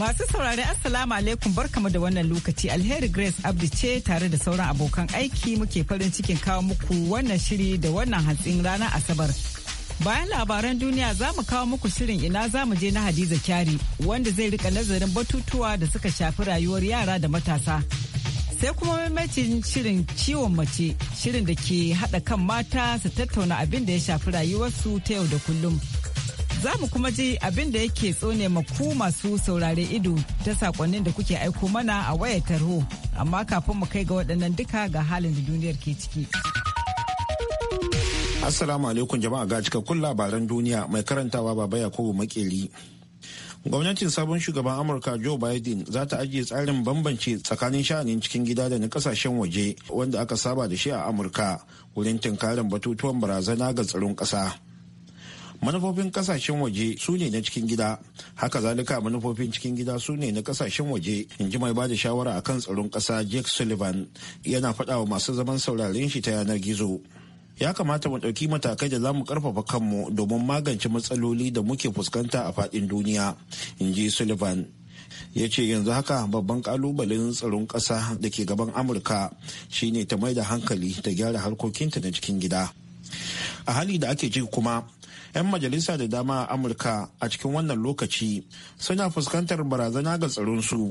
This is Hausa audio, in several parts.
Masu saurari Assalamu alaikum barkamu da wannan lokaci alheri Grace Abdi ce tare da sauran abokan aiki muke farin cikin kawo muku wannan shiri da wannan hantsin ranar Asabar. Bayan labaran duniya za mu kawo muku shirin ina za mu je na Hadiza Kyari wanda zai rika nazarin batutuwa da suka shafi rayuwar yara da matasa. Sai kuma mamacin shirin ciwon mace shirin da ke haɗa kan mata su tattauna abin da ya shafi rayuwarsu ta yau da kullum. Za mu kuma ji abin da yake tsone maku masu saurare ido ta sakonnin da kuke aiko mana a wayar tarho. Amma kafin mu kai ga waɗannan duka ga halin da duniyar ke ciki. Assalamu alaikum jama'a ga cikakkun labaran duniya mai karantawa baba Yakubu Makeri. Gwamnatin sabon shugaban Amurka Joe Biden za ta ajiye tsarin bambance tsakanin sha'anin cikin gida da na kasashen waje wanda aka saba da shi a Amurka wurin tinkarin batutuwan barazana ga tsaron ƙasa. manufofin kasashen waje su ne na cikin gida haka zalika manufofin cikin gida su ne na kasashen waje in ji mai bada shawara akan tsaron kasa jake sullivan yana faɗawa masu zaman sauraren shi ta yanar gizo ya kamata mu ɗauki matakai da za mu ƙarfafa kanmu domin magance matsaloli da muke fuskanta a faɗin duniya in ji sullivan ya ce yanzu haka babban kalubalen tsaron ƙasa da ke gaban amurka shine ta mai da hankali ta gyara harkokinta na cikin gida a hali da ake ji kuma 'yan majalisa da dama a amurka a cikin wannan lokaci suna fuskantar barazana ga tsaron su,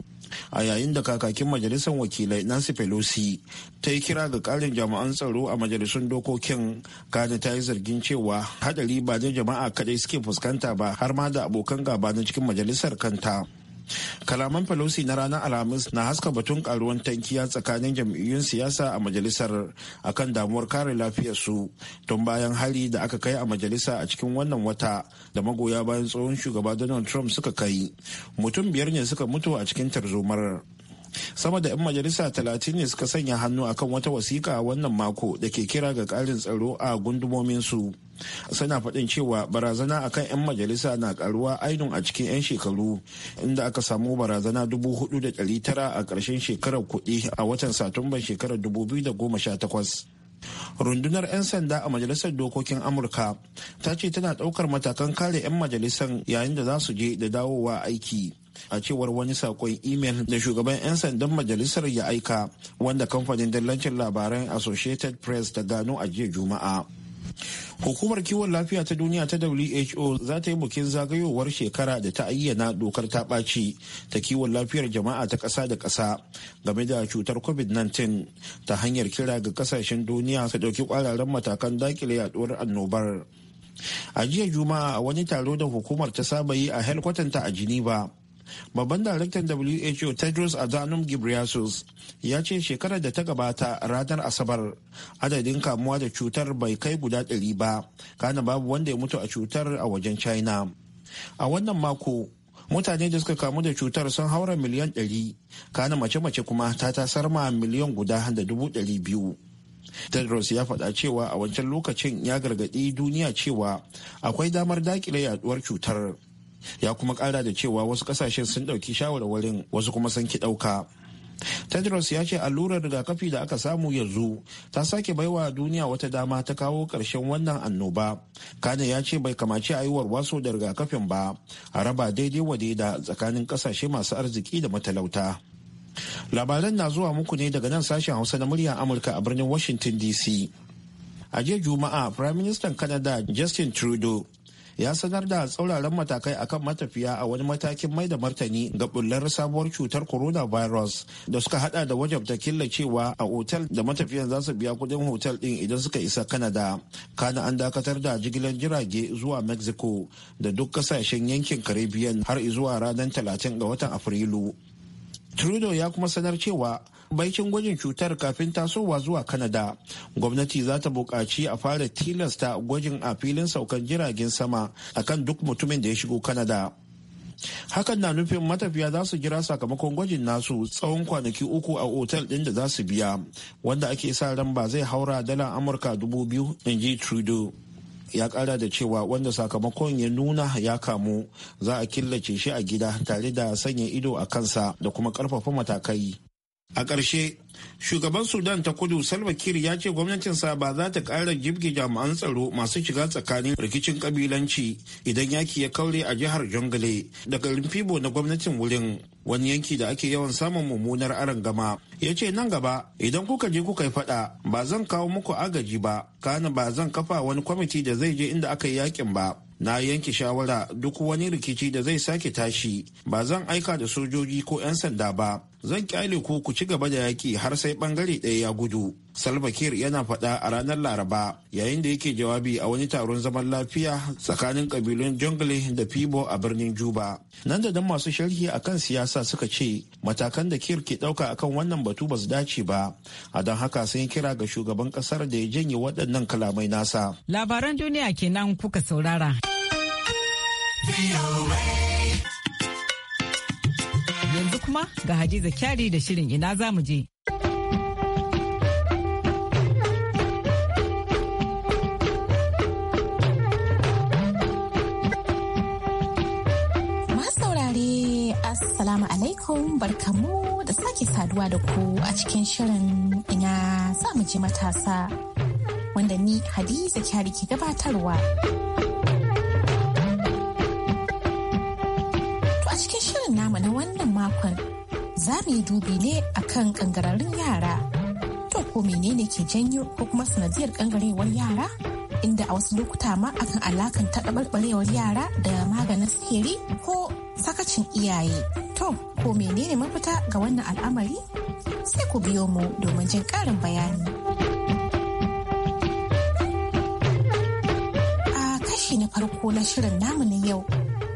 a yayin da kakakin majalisar wakilai nancy pelosi ta yi kira ga karin jami'an tsaro a majalisun dokokin kada ta yi zargin cewa hadari ba da jama'a kadai suke fuskanta ba har ma da abokan gaba na cikin majalisar kanta kalaman pelosi na ranar alhamis na haska batun karuwan tankiya tsakanin jam'iyyun siyasa a majalisar akan damuwar kare su tun bayan hari da aka kai a majalisa a cikin wannan wata da magoya bayan tsohon shugaba donald trump suka kai mutum biyar ne suka mutu a cikin tarzomar sama da 'yan majalisa talatin ne suka sanya hannu akan wata wasiƙa wannan mako da ke kira ga ƙarin tsaro a gundumominsu suna faɗin cewa barazana akan 'yan majalisa na karuwa ainihin a cikin 'yan shekaru inda aka samu barazana 4,900 a ƙarshen shekarar kuɗi a watan satumban shekarar 2018 rundunar 'yan sanda a majalisar dokokin amurka ta ce tana ɗaukar matakan kare 'yan majalisar yayin da za su je da dawowa aiki a cewar wani sakon imel da shugaban 'yan sandan majalisar ya aika wanda kamfanin dillancin labaran associated press ta gano a jiya juma'a hukumar kiwon lafiya ta duniya ta who za ta yi bukin zagayowar shekara da ta ayyana dokar ta ɓaci ta kiwon lafiyar jama'a ta ƙasa da ƙasa game da cutar covid-19 ta hanyar kira ga ƙasashen duniya su ɗauki ƙwararren matakan daƙile yaduwar annobar a jiya juma'a a wani taro da hukumar ta saba yi a helkwatanta a geneva babban daraktan who tedros adhanom ghebreyesus ya ce shekarar da ta gabata ranar asabar adadin kamuwa da cutar bai kai guda ɗari ba kana babu wanda ya mutu a cutar a wajen china a wannan mako mutane da suka kamu da cutar sun haura miliyan ɗari kana mace-mace kuma ta tasar ma miliyan guda da dubu ɗari biyu tedros ya faɗa cewa a wancan lokacin ya gargaɗi duniya cewa akwai damar dakile yaduwar cutar ya kuma kara da cewa wasu kasashen sun dauki shawarwarin wasu kuma sun ki dauka tedros ya ce allurar rigakafi da aka samu yanzu ta sake baiwa duniya wata dama ta kawo karshen wannan annoba kane ya ce bai kamaci a yi warwaso da rigakafin ba a raba daidai wa da tsakanin kasashe masu arziki da matalauta labaran na zuwa muku ne daga nan sashen hausa na muryar amurka a birnin washington dc a jiya juma'a prime minister canada justin trudeau ya sanar da tsauraran matakai akan matafiya a wani matakin mai da martani ga bullar sabuwar cutar coronavirus da suka hada da wajabta cewa a otal da matafiyan za su biya kudin otal din idan suka isa Canada. Kana an dakatar da jigilar jirage zuwa Mexico da duk kasashen yankin Caribbean har zuwa ranar 30 ga watan Afrilu. Trudeau ya kuma sanar cewa Baikin gwajin cutar kafin tasowa zuwa kanada gwamnati za ta buƙaci a fara tilasta gwajin a filin saukan jiragen sama akan duk mutumin da ya shigo kanada hakan na nufin matafiya za su jira sakamakon gwajin nasu tsawon kwanaki uku a otal ɗin da za su biya wanda ake sa ran ba zai haura dala amurka dubu biyu in ji trudeau ya kara da cewa wanda sakamakon ya nuna ya kamu za a killace shi a gida tare da sanya ido a kansa da kuma karfafa matakai A ƙarshe, shugaban Sudan ta kudu Salva Kiir ya ce gwamnatinsa ba za ta ƙara jibge jami'an tsaro masu shiga tsakanin rikicin ƙabilanci idan yaki ya kaure a jihar Jongale daga Limfibo na gwamnatin wurin wani yanki da ake yawan samun mummunar gama. Ya ce nan gaba idan kuka je kuka yi faɗa ba zan kawo muku agaji ba, kana ba zan kafa wani kwamiti da zai je inda aka yi yakin ba. na yanke shawara duk wani rikici da zai sake tashi ba zan aika da sojoji ko 'yan sanda ba zan kyale ku ku ci gaba da yaki har sai bangare ɗaya ya gudu salva kiir yana faɗa a ranar laraba yayin da yake jawabi a wani taron zaman lafiya tsakanin kabilun jungle da fibo a birnin juba nan da nan masu sharhi akan siyasa suka ce matakan da kiir ke ɗauka akan wannan batu ba su dace ba a don haka sun kira ga shugaban ƙasar da ya janye waɗannan kalamai nasa labaran duniya kenan kuka saurara. kuma ga Hadiza Kyari da shirin ina za mu je. Assalamu alaikum barkamu da sake saduwa da ku a cikin shirin ina za mu je matasa wanda ni Hadiza Kyari ke gabatarwa. To a cikin shirin makon za mu yi dubi ne a kan kangararrun yara to ko menene ke janyo ko kuma sanadiyar ƙangarewar yara inda a wasu lokuta ma akan alakanta ɗabarɓarewar yara da maganin sihiri ko sakacin iyaye to ko menene mafita ga wannan al'amari sai ku biyo mu domin jin ƙarin bayani a kashi na farko na shirin namu na yau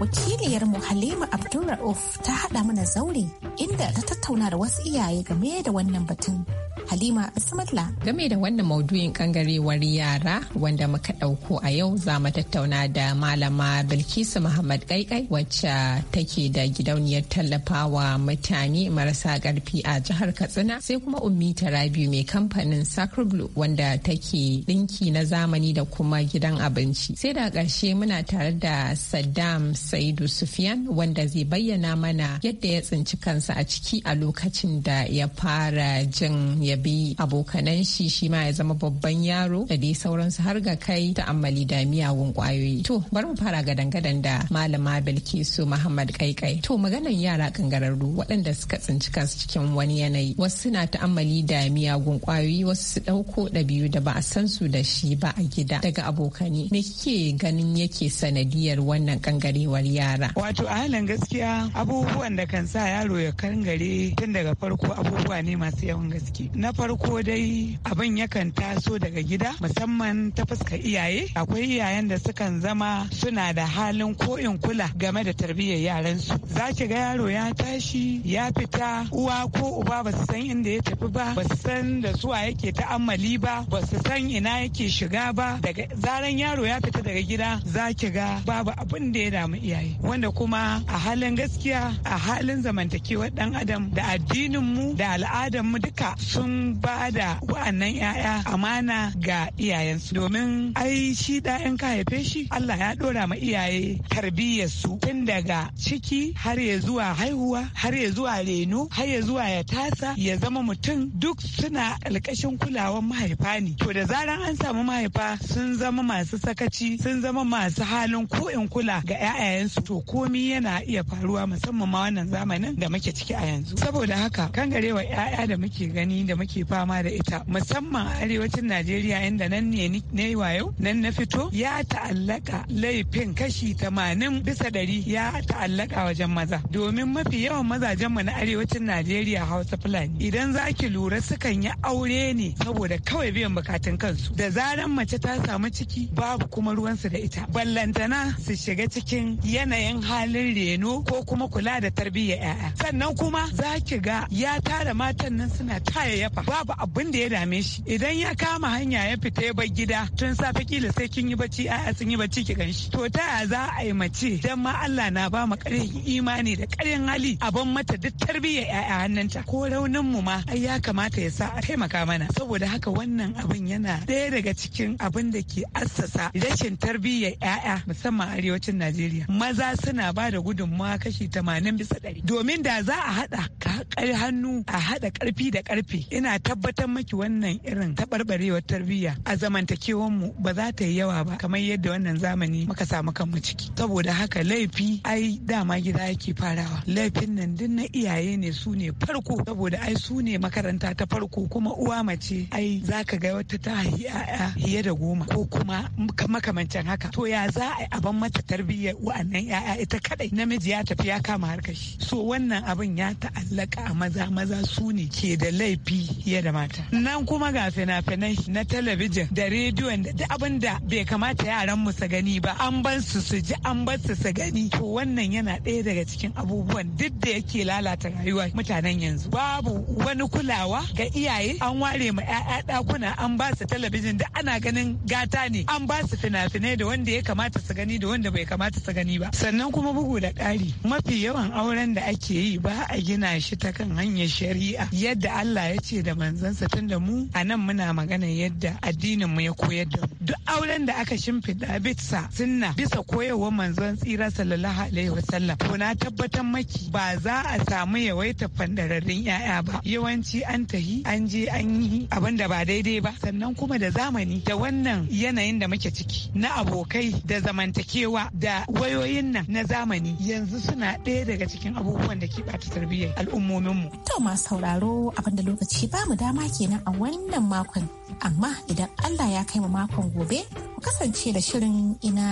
wakiliyarmu Halima Abdulra'uf ta haɗa mana zaure inda ta tattauna da wasu iyaye game da wannan batun. Halima Asmatla. Game da wannan maudu'in kangarewar yara wanda muka ɗauko a yau za mu tattauna da malama Bilkisu Muhammad Kaikai wacce take da gidauniyar tallafawa mutane marasa ƙarfi a jihar Katsina sai kuma Ummi Tarabiu mai kamfanin Sacreblu wanda take ɗinki na zamani da kuma gidan abinci. Sai da ƙarshe muna tare da Saddam Saidu Sufyan wanda zai bayyana mana yadda ya tsinci kansa a ciki a lokacin da ya fara jin ya ya bi abokanan shi shi ma ya zama babban yaro da dai sauransu har ga kai ta'ammali da miyagun kwayoyi to bari mu fara gadan gadan da malama bilkisu muhammad kaikai to maganan yara kangararru waɗanda suka tsinci kansu cikin wani yanayi wasu na ta'ammali da miyagun kwayoyi wasu su ɗauko ɗabi'u da ba a san su da shi ba a gida daga abokani me kike ganin yake sanadiyar wannan kangarewar yara wato a halin gaskiya abubuwan da kan sa yaro ya kangare tun daga farko abubuwa ne masu yawan gaske na farko dai abin yakan taso daga gida musamman ta fuskar iyaye akwai iyayen da sukan zama suna da halin ko'in kula game da tarbiyyar yaransu za ki ga yaro ya tashi ya fita uwa ko uba ba su san inda ya tafi ba ba su san da suwa yake ta'ammali ba ba su san ina yake shiga ba daga zaran yaro ya fita daga gida za ki ga babu abin da ya damu iyaye wanda kuma a halin gaskiya a halin zamantakewar dan adam da addinin mu da al'adar mu duka sun ba da wa'annan 'ya'ya amana ga iyayensu domin ai shi da ka haife shi Allah ya ɗora ma iyaye tarbiyyarsu tun daga ciki har ya zuwa haihuwa har ya zuwa reno har ya zuwa ya tasa ya zama mutum duk suna alkashin kulawan mahaifa ne to da zaran an samu mahaifa sun zama masu sakaci sun zama masu halin ko in kula ga 'ya'yayensu to komi yana iya faruwa musamman ma wannan zamanin da muke ciki a yanzu saboda haka kan garewa 'ya'ya da muke gani da muke fama da ita musamman a arewacin najeriya inda nan ne ne wayo nan na fito ya ta'allaka laifin kashi tamanin bisa ɗari ya ta'allaka wajen maza domin mafi yawan mazajen mu na arewacin najeriya hausa fulani idan za ki lura sukan yi aure ne saboda kawai biyan bukatun kansu da zaran mace ta samu ciki babu kuma ruwansu da ita ballantana su shiga cikin yanayin halin reno ko kuma kula da tarbiyyar 'ya'ya sannan kuma za ki ga ya tara matan nan suna tayaya. kafa babu abin da ya dame shi idan ya kama hanya ya fita ya bar gida tun safe kila sai kin yi bacci a'a sun yi bacci ki ganshi to ta za a yi mace dan ma Allah na ba mu ƙarfin imani da ƙarin hali a ban mata duk tarbiyyar ƴaƴa hannunta ko raunin mu ma ai ya kamata ya sa a taimaka mana saboda haka wannan abin yana ɗaya daga cikin abin da ke assasa rashin tarbiyyar yaya musamman arewacin Najeriya maza suna ba da gudunmawa kashi 80 bisa 100 domin da za a haɗa ka hannu a haɗa ƙarfi da ƙarfi ina tabbatar maki wannan irin taɓarɓarewar tarbiyya a zamantakewar mu ba za ta yi yawa ba kamar yadda wannan zamani muka samu kanmu ciki saboda haka laifi ai dama gida yake farawa laifin nan duk na iyaye ne su ne farko saboda ai su ne makaranta ta farko kuma uwa mace ai za ka ga wata ta ya'ya fiye da goma ko kuma makamancin haka to ya za a aban mata tarbiyyar wa'annan ya'ya ita kadai namiji ya tafi ya kama harkar shi so wannan abin ya ta'allaka a maza maza su ne ke da laifi fiye da mata nan kuma ga fina-finai na talabijin da rediyon da duk abin da bai kamata yaran mu su gani ba an ban su su ji an ban su su gani to wannan yana ɗaya daga cikin abubuwan duk da yake lalata rayuwa mutanen yanzu babu wani kulawa ga iyaye an ware ma 'ya'ya ɗakuna an ba su talabijin da ana ganin gata ne an ba su fina-finai da wanda ya kamata su gani da wanda bai kamata su gani ba sannan kuma bugu da ƙari mafi yawan auren da ake yi ba a gina shi ta kan hanyar shari'a yadda Allah ya ce da manzansa da mu a nan muna magana yadda addinin mu ya koyar da duk auren da aka shimfiɗa bitsa sunna bisa koyarwar manzon tsira sallallahu alaihi wasallam to na tabbatar maki ba za a samu yawaita fandararrin yaya ba yawanci an tahi an je an yi abin da ba daidai ba sannan kuma da zamani da wannan yanayin da muke ciki na abokai da zamantakewa da wayoyin nan na zamani yanzu suna ɗaya daga cikin abubuwan da ke bata tarbiyyar al'ummomin mu to masu sauraro abin da lokaci ke ba mu dama kenan a wannan makon amma idan Allah ya kai mu makon gobe ku kasance da shirin ina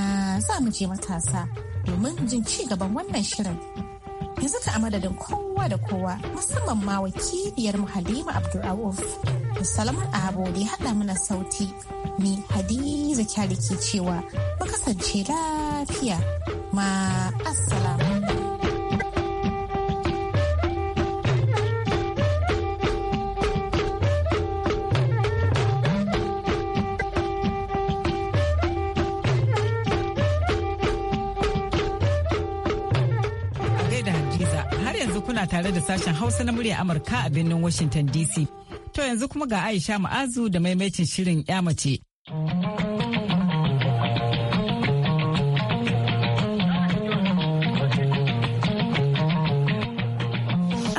za mu je matasa domin jin ci gaban wannan shirin yanzu ka a madadin kowa da kowa musamman ma wakiliyar mu Halima Abdulrauf Salamun Abu da hada haɗa mana sauti ni Hadiza Kyari ke cewa mu kasance lafiya ma assalamu kuna tare da sashen Hausa na murya Amurka a birnin Washington DC. To yanzu kuma ga Aisha Ma'azu da maimaitin shirin 'ya mace.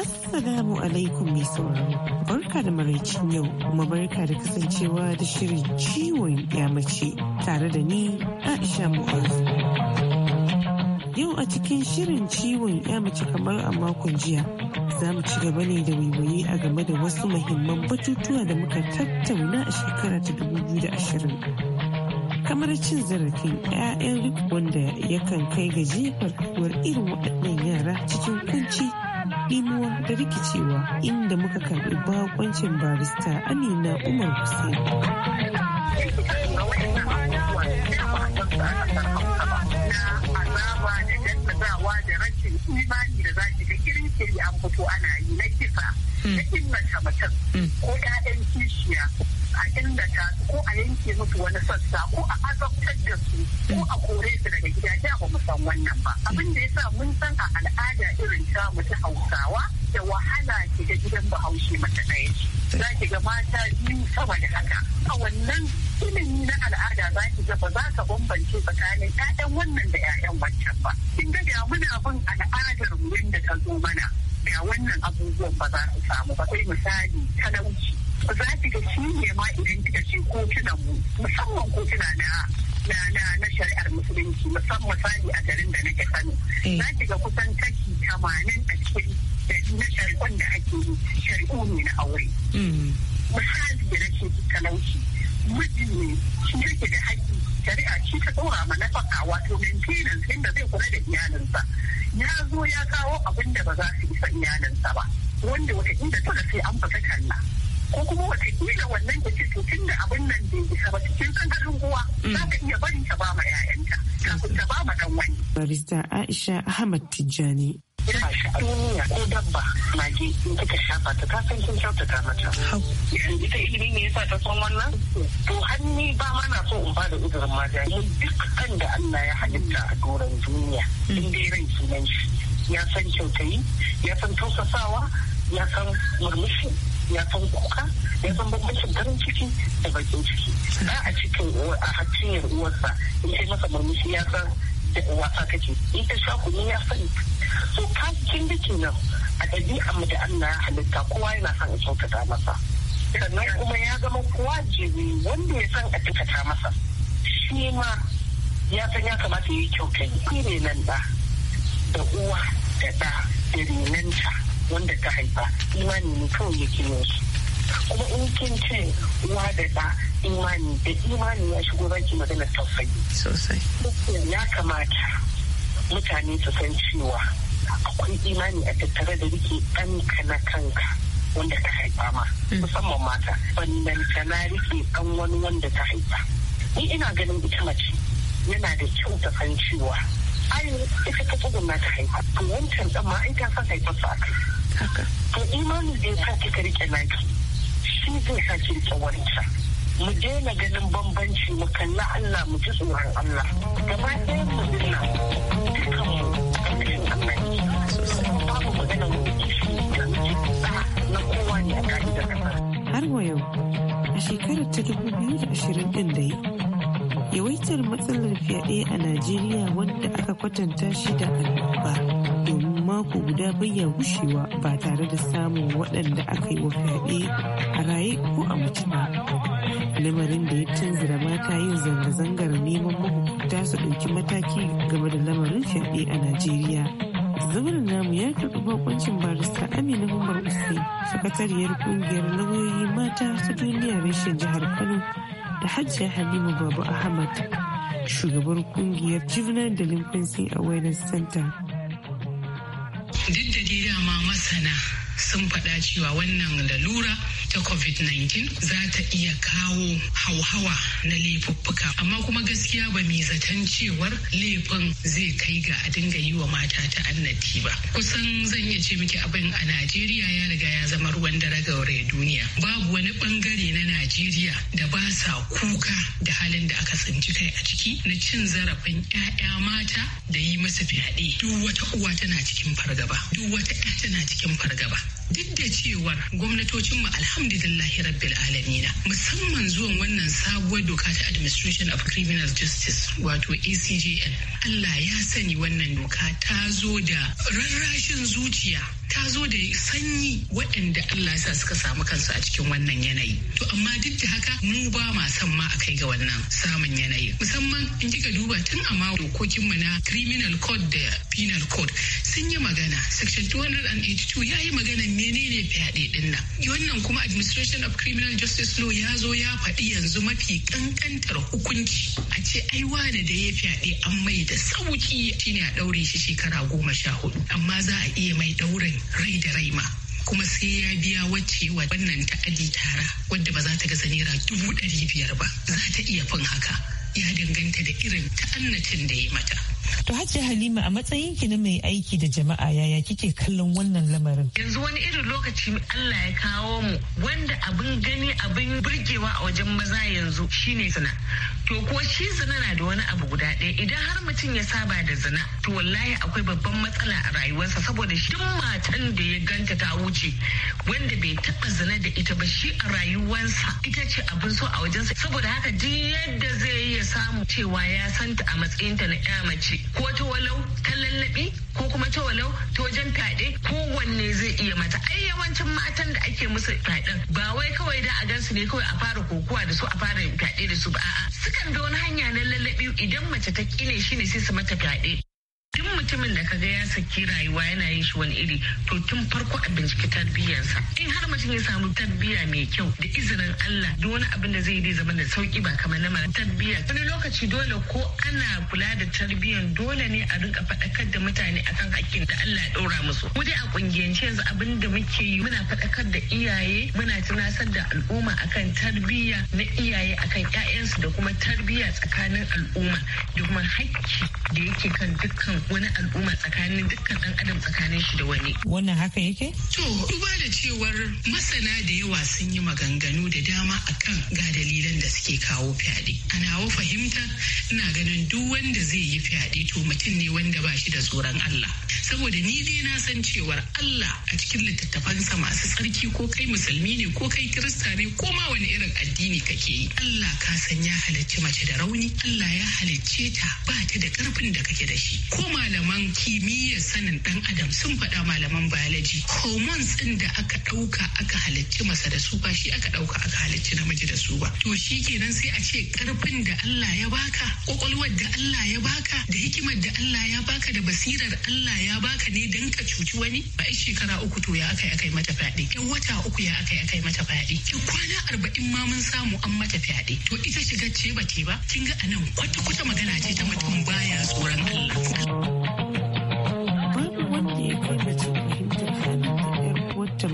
Assalamu alaikum mai sauraro. Barka da maraicin yau kuma barka da kasancewa da shirin ciwon ya mace tare da ni Aisha Ma'azu. Yau a cikin shirin ciwon ya mace kamar a makon jiya za mu ci gaba ne da waiwaye a game da wasu mahimman batutuwa da muka tattauna a shekara ta da 2020. Kamar cin zarafin 'ya'yan rik wanda yakan kai ga jefar kuwar irin waɗannan yara cikin kunci ɗimuwa da rikicewa inda muka karɓi bakoncin barista Amina Umar Hussein. azaba da daddazawa da rashin imani da za ki ga kirkiri an fito ana yi na kisa hmm. Da illata mutum hmm. ko ƴaƴan kishiya a illata ko a yanke musu wani sassa ko a azabtar da su ko hmm. a kore su daga gidaje ba mu wannan ba abin da yasa mun san a al'ada irin tamu ta hausawa da wahala ke ga gidan bahaushe mata ɗaya ce za ki ga mata biyu sama da haka a wannan ilimi na al'ada za ki ga ba za ka bambance tsakanin ƴaƴan wannan da ƴaƴan wancan ba kin ga da muna bin al'adar mu yanda ta zo mana da wannan abubuwan ba za su samu ba sai misali talauci za ki ga shi ne ma idan kika ce kotunan mu musamman kotuna na na na na shari'ar musulunci musamman misali a garin da nake sani eh. za ki ga kusan kashi tamanin a cikin na shari'un da ake yi shari'u ne na aure mm. shi ka ɗora ma nafaka wato maintenance inda zai kula da iyalinsa ya zo ya kawo abin da ba za su isa iyalinsa ba wanda watakila tana sai an fasa kalla ko kuma ila wannan da ce tun da abin nan bai isa ba cikin garin kowa za ka iya barin ta ba ma 'ya'yanta kafin ta ba ma ɗan wani. Barista Aisha Ahmad Tijjani ina shi duniya ko dabba mage in kika shafa ta ta san kin kyautata mata ita ilimi ne yasa ta son wannan to hanni ba ma na so in ba da uzurin mata mu duk kan da Allah ya halitta a doron duniya hmm. in dai rai sunan shi ya san kyautayi ya san tausasawa ya san murmushi ya san kuka ya san bambancin farin ciki da bakin ciki ba a cikin a hacciyar uwarsa in sai masa murmushi ya san wasa kake in ta sha ni ya sani so ka kin da a ɗabi'a mu da Allah ya halitta kowa yana son a kyautata masa sannan kuma ya zama jiri wanda ya san a kyautata masa shi ma ya san ya kamata ya yi kyauta shi ne nan da da uwa da ɗa da renanta wanda ta haifa imani ne kawai yake yin su kuma in kin ce uwa da ta imani da imani ya shigo ranki magana tausayi sosai ya kamata mutane su san cewa akwai imani a tattare da rike ɗanka na kanka wanda ta haifa ma mm. musamman mata ballanta na rike dan wani wanda ta haifa ni ina ganin ita mace yana da kyau ta san cewa ai ita ta na ta haifa to wancan ɗan ma ai ta san haifarsa a kai to imani da ya sa kika rike naki shi zai sake tsawarinsa mu daina ganin bambanci mu kalli Allah mu ji tsoron Allah gaba ɗaya mu dinna dukkan mu har wa a shekarar ta biyu da ashirin yawaitar matsalar fyaɗe a Najeriya wanda aka kwatanta shi da annoba. mako guda bayya gushewa ba tare da samun waɗanda aka yi wa fyaɗe a raye ko a mutu ba lamarin da ya canzira mata yin zanga-zangar neman mahukunta su ɗauki mataki game da lamarin fyaɗe a najeriya zubarin namu ya karɓi bakoncin barista amina umar usai sakatariyar kungiyar lauyoyi mata ta duniya rashin jihar kano da hajjiya halima babu ahmad shugabar kungiyar juvenile a awareness center duk da dai dama masana sun faɗa cewa wannan lalura ta covid-19 za ta iya kawo hauhawa na laifuffuka amma kuma gaskiya ba mai zaton cewar laifin zai kai ga a dinga yi wa mata ta annati ba kusan zan iya ce miki abin a najeriya ya riga ya zama ruwan dare gauraya duniya babu wani bangare na najeriya da ba sa kuka da halin da aka tsinci kai a ciki na cin zarafin 'ya'ya mata da yi masa fyaɗe duk wata uwa tana cikin fargaba duk wata 'ya tana cikin fargaba duk da cewar gwamnatocinmu alhamdulillah alhamdulillahi rabbil alamina musamman zuwan wannan sabuwar doka ta administration of criminal justice wato acjn allah ya sani wannan doka ta zo da rarrashin zuciya ta zo da sanyi waɗanda Allah sa suka samu kansu a cikin wannan yanayi. To amma duk da haka mu ba ma son ma a kai ga wannan samun yanayi. Musamman in kika duba tun a ma dokokin na criminal code da penal code sun yi magana section 282 ya yi magana menene fyaɗe din nan wannan kuma administration of criminal justice law ya zo ya faɗi yanzu mafi kankantar hukunci a ce ai wani da ya fyaɗe an mai da sauki shine a ɗaure shi shekara goma sha hudu amma za a iya mai ɗaurin rai da rai ma kuma sai ya biya wacce wa wannan ta'adi tara wadda ba za ta ga naira dubu ɗari biyar ba za ta iya fin haka ya danganta da irin ta'annatin da ya mata. To Hajji Halima a matsayin ki na mai aiki da jama'a yaya kike kallon wannan lamarin? Yanzu wani irin lokaci Allah ya kawo mu wanda abin gani abin burgewa a wajen maza yanzu shine sana. to ko shi zina na da wani abu guda ɗaya idan har mutum ya saba da zina to wallahi akwai babban matsala a rayuwarsa saboda shi matan da ya ganta ta wuce wanda bai taɓa zina da ita ba shi a rayuwarsa ita ce abin so a wajensa saboda haka duk yadda zai yi ya samu cewa ya santa a matsayin ta na ya mace ko ta walau ta lallabi ko kuma ta walau ta wajen fyaɗe ko wanne zai iya mata ai yawancin matan da ake musu fyaɗen ba wai kawai da a gansu ne kawai a fara kokuwa da su a fara fyaɗe da su ba a'a suka Sukan bi wani hanya na lallabi idan mace ta kine shi ne sai su mata fyaɗe. Duk mutumin da ka ga ya saki rayuwa yana yin shi wani iri to tun farko a binciki tarbiyyarsa in har mutum ya samu tarbiyya mai kyau da izinin Allah duk wani abin da zai yi zama da sauki ba kamar na mara tarbiyya wani lokaci dole ko ana kula da tarbiyyan dole ne a rinka faɗakar da mutane akan hakkin da Allah ya ɗora musu mu dai a kungiyance yanzu abin da muke yi muna faɗakar da iyaye muna tunasar da al'umma akan tarbiyya na iyaye akan ƴaƴansu da kuma tarbiyya tsakanin al'umma da kuma hakki da yake kan dukkan wani al'umma tsakanin dukkan ɗan adam tsakanin shi da wani. Wannan haka yake? To, duba da cewar masana da yawa sun yi maganganu da dama akan ga dalilan da suke kawo fyaɗe. A nawa fahimta ina ganin duk wanda zai yi fyaɗe to mutum ne wanda ba shi da tsoron Allah. saboda ni dai na san cewar Allah a cikin littattafansa masu tsarki ko kai musulmi ne ko kai kirista ne ko ma wani irin addini kake yi Allah ka san ya halicci mace da rauni Allah ya halicce ta ba ta da karfin da kake da shi ko malaman kimiyyar sanin dan adam sun faɗa malaman biology hormones din da aka ɗauka aka halicci masa da su ba shi aka ɗauka aka halicci namiji da su ba to shi kenan sai a ce karfin da Allah ya baka kwakwalwar da Allah ya baka da hikimar da Allah ya baka da basirar Allah ya baka ne dan ka cuci wani ba shekara uku to ya aka yi mata fyaɗe in wata uku ya aka akai mata fyaɗe ki kwana arba'in ma mun samu an mata fyaɗe to ita shiga ce ba ce ba kin ga anan kwata kwata magana ce ta mutum baya tsoron Allah. Babu wanda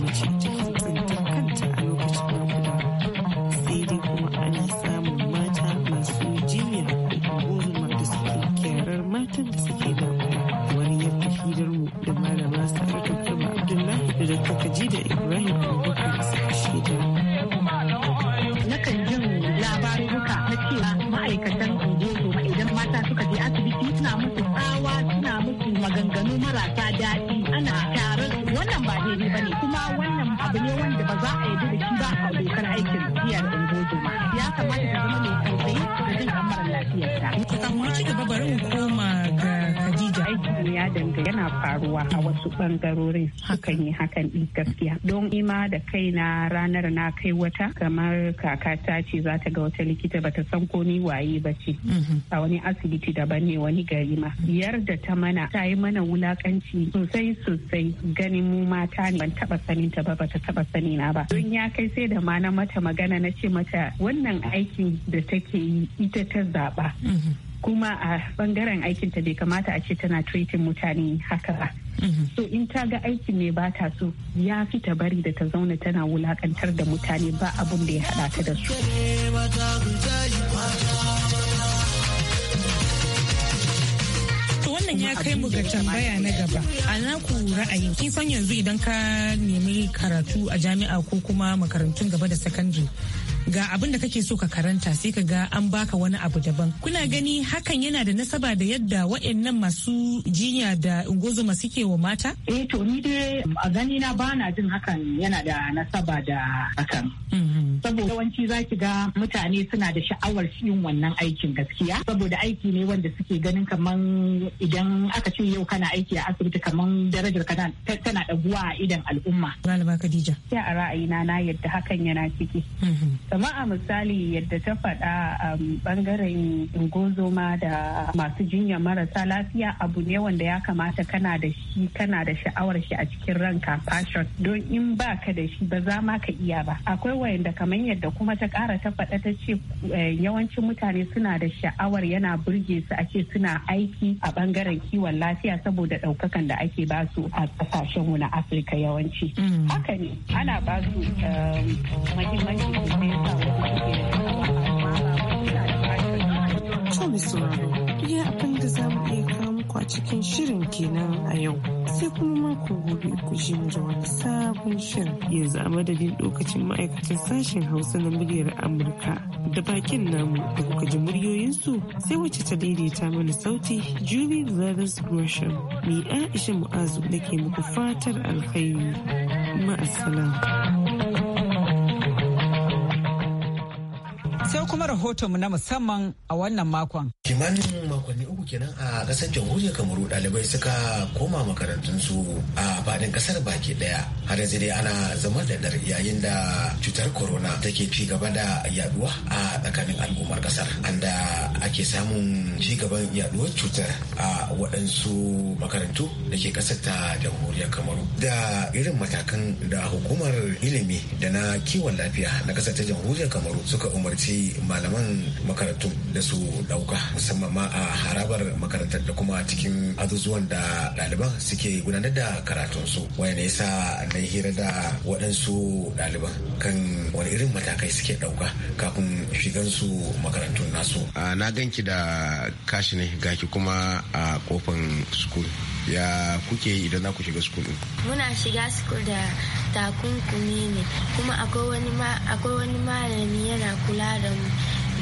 kan yi hakan din gaskiya don ima da kaina ranar na kai wata kamar kakata ce za ta ga wata likita bata san ko waye ba ce mhm. a wani asibiti daban ne wani gari ma da ta mana ta yi mana wulakanci sosai sosai ganin mu mata ne ban taba sanin ta ba bata taba sani na ba don ya kai sai da ma na mata magana na ce mata wannan aikin da take yi ita ta zaba mhm. kuma a bangaren aikinta bai kamata a ce tana treating mutane haka ba mhm. so in ta ga aikin ne ba ta so ya fi ta bari da ta zauna tana wulakantar da mutane ba abun da ya haɗa ta da su wannan ya kai mu ga tambaya na gaba a naku ra'ayi kin san yanzu idan ka nemi karatu a jami'a ko kuma makarantun gaba da sakandare ga abin da kake so ka karanta sai ka ga an baka wani abu daban kuna gani hakan yana da nasaba da yadda waɗannan masu jinya da ungozoma suke wa mata eh to ni dai a gani na bana jin hakan yana da nasaba da hakan mm-hmm. saboda yawanci za ki ga mutane suna da sha'awar yin wannan aikin gaskiya saboda aiki ne wanda suke ganin kaman idan aka ce yau kana aiki a asibiti kaman darajar ka tana ɗaguwa a idan al'umma. Malama Khadija. Ya a ra'ayina na yadda hakan yana ciki. Mm-hmm. kama a misali yadda ta faɗa a um, bangaren ingozoma da masu jinya marasa lafiya abu ne wanda ya kamata kana da shi kana da sha'awar shi a cikin ranka passion don in ba ka da shi ba za ma ka iya ba akwai wayanda kamar yadda kuma ta ƙara ta faɗa ta ce eh, yawancin mutane suna da sha'awar yana burge su a ce suna aiki a bangaren kiwon lafiya saboda ɗaukakan da ake ba su a mu na afirka yawanci mm. haka ne ana ba su um, mahimmanci sauraro da kawo muku a cikin shirin kenan a yau sai kuma mako gobe ku ji da wani sabon shirin yanzu a madadin lokacin ma'aikatan sashen hausa na muryar amurka da bakin namu da kuka ji muryoyinsu sai wacce ta daidaita mana sauti julie brothers gresham mai aisha mu'azu da ke muku fatar alkhairi ma'asala. Sai kuma mu na musamman a wannan makon. Kimanin makonni uku kenan a kasar jamhuriyar Kamaru dalibai suka koma makarantunsu a fadin kasar baki daya. Har yanzu dai ana zama da dar yayin da cutar corona take ci gaba da yaduwa a tsakanin al'ummar kasar. Anda ake samun ci gaban yaduwar cutar a waɗansu makarantu da ke kasar ta jamhuriyar Kamaru. Da irin matakan da hukumar ilimi da na kiwon lafiya na kasar ta jamhuriyar Kamaru suka umarci yi malaman makarantu da su dauka musamman ma a harabar makarantar da kuma cikin azuzuwan da ɗaliban suke gudanar da karatunsu wani ya yasa na hira da waɗansu ɗaliban kan wani irin matakai suke ɗauka kafin shigansu makarantun nasu na ganki da kashi ne gaki kuma a kofan school ya kuke yi idan za ku shiga school din muna shiga school da takunkumi ne kuma akwai wani malami yana kula da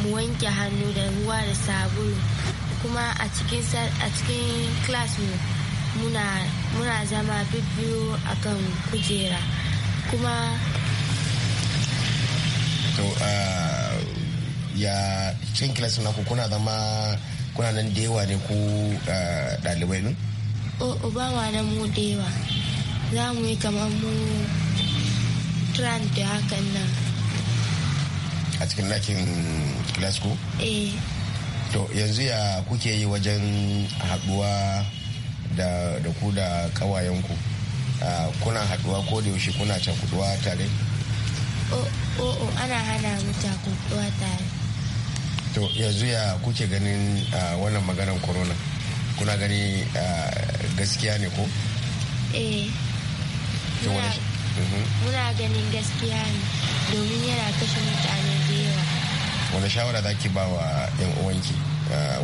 mu wanke hannu da ruwa da sabulu kuma a cikin class mu muna zama bibbiyo akan kujera kuma ya cikin class na ku kuna zama kuna nan da yawa ne ku ɗalibai ne obama na mu da yawa. Za mu yi kamar mu tran da hakan nan. A cikin ɗakin glasgow ko? Eh. To yanzu ya kuke yi wajen haɗuwa da ku da ƙawayenku? Kuna haɗuwa ko da yaushe kuna cakuɗuwa tare? oh ana hana mu cakuɗuwa tare. To yanzu ya kuke ganin wannan maganar corona? kuna gani gaskiya ne ko eh mhm. muna ganin gaskiya ne domin yana kashe mutane da yawa wani shawara za ki ba wa 'yan uwanki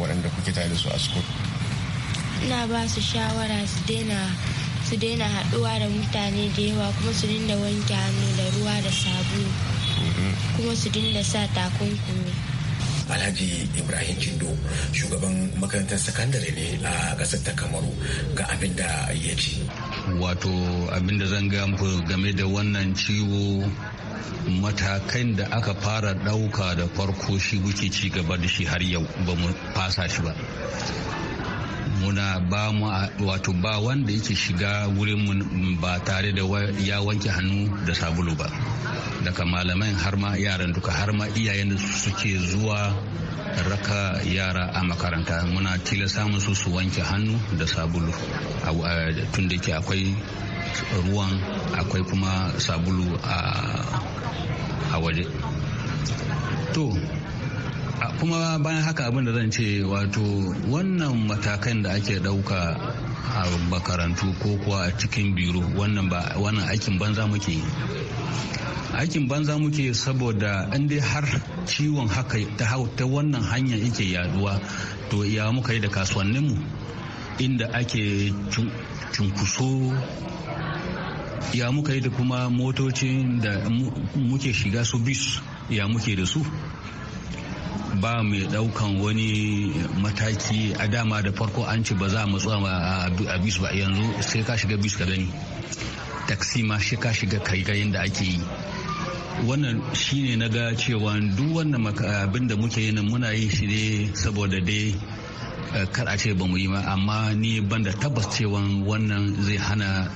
waɗanda kuke tare da su a school ina ba su shawara su daina su daina haɗuwa da mutane da yawa kuma su dinda wanke hannu da ruwa da sabulu mhm. kuma su dinda sa takunkumi alhaji ibrahim jindo shugaban makarantar sakandare ne a kasar ta kamaru ga abin da ya ce wato abin da zan gaya muku game da wannan ciwo matakan da aka fara ɗauka da farko shi muke ci gaba da shi har yau ba mu fasa shi ba muna ba mu wato ba wanda yake shiga wurin mu ba tare da ya wanke hannu da sabulu ba daga malamai har ma yaran duka har ma iyayen da suke zuwa raka yara a makaranta muna tilasta musu su wanke hannu da sabulu tun da ke akwai ruwan akwai kuma sabulu a waje to kuma bayan haka abin da zan ce wato wannan matakan da ake ɗauka a makarantu ko kuwa a cikin biro wannan ba wannan aikin banza muke yi aikin banza muke saboda in har ciwon haka ta ta wannan hanya yake yaduwa to ya muka yi da kasuwanninmu inda ake cunkuso ya muka yi da kuma motocin da muke shiga su bis ya muke da su ba mai daukan wani mataki a dama da farko an ce ba za a matsu a bis ba yanzu sai ka shiga bis ka gani Taxi ma shi ka shiga kai ga yadda ake yi wannan shine na ga cewa duk wannan abin da muke yi muna yi shi ne saboda dai eh, kar a ce ba mu yi ma amma ni banda tabbas cewa wannan zai hana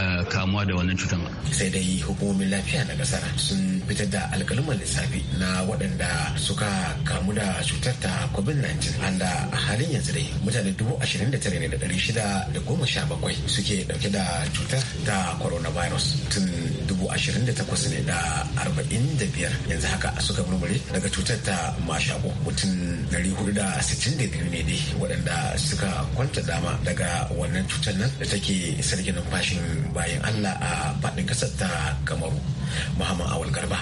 Eh, kamuwa da wannan cutar sai dai hukumomin lafiya na kasar sun fitar da alkaluman lissafi na waɗanda suka kamu da cutar ta covid-19 anda a halin yanzu dai mutane dubu ashirin da tare ne da ɗari shida da goma sha bakwai suke ɗauke da cutar ta coronavirus tun dubu ashirin da takwas ne da arba'in da biyar yanzu haka suka murmure daga cutar ta mashako mutum ɗari hudu da sittin da biyu ne dai waɗanda suka kwanta dama daga wannan cutar nan da take sarki na bashin bayan Allah a faɗin ƙasar ta Kamaru. Muhammad Awal Garba,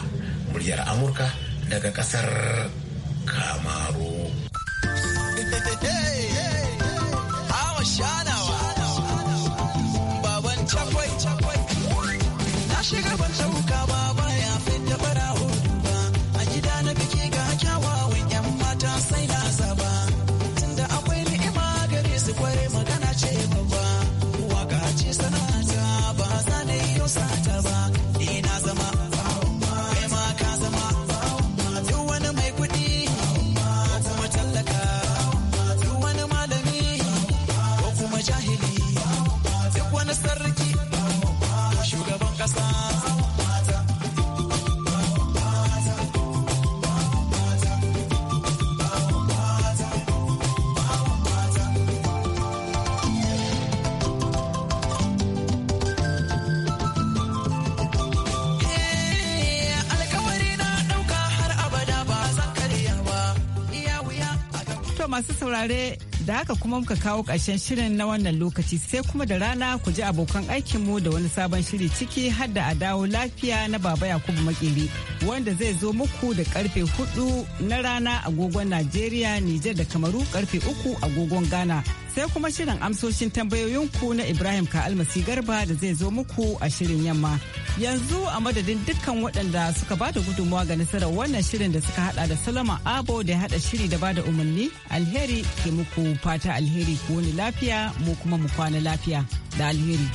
muryar Amurka daga ƙasar Kamaru. Hey, hey, hey, masu saurare da haka kuma muka kawo ƙarshen shirin na wannan lokaci sai kuma da rana ku ji abokan aikinmu da wani sabon shiri ciki har da a dawo lafiya na baba yakubu makeri wanda zai zo muku da karfe hudu na rana agogon najeriya nijar da kamaru karfe uku agogon ghana sai kuma shirin amsoshin tambayoyin ku na Ibrahim ka almasi Garba da zai zo muku a shirin yamma. Yanzu a madadin dukkan waɗanda suka ba da gudunmawa ga nasarar wannan shirin da suka hada da Salama Abo da ya hada shiri da ba da umarni alheri ke muku fata alheri ku wani lafiya mu kuma mu kwana lafiya da alheri.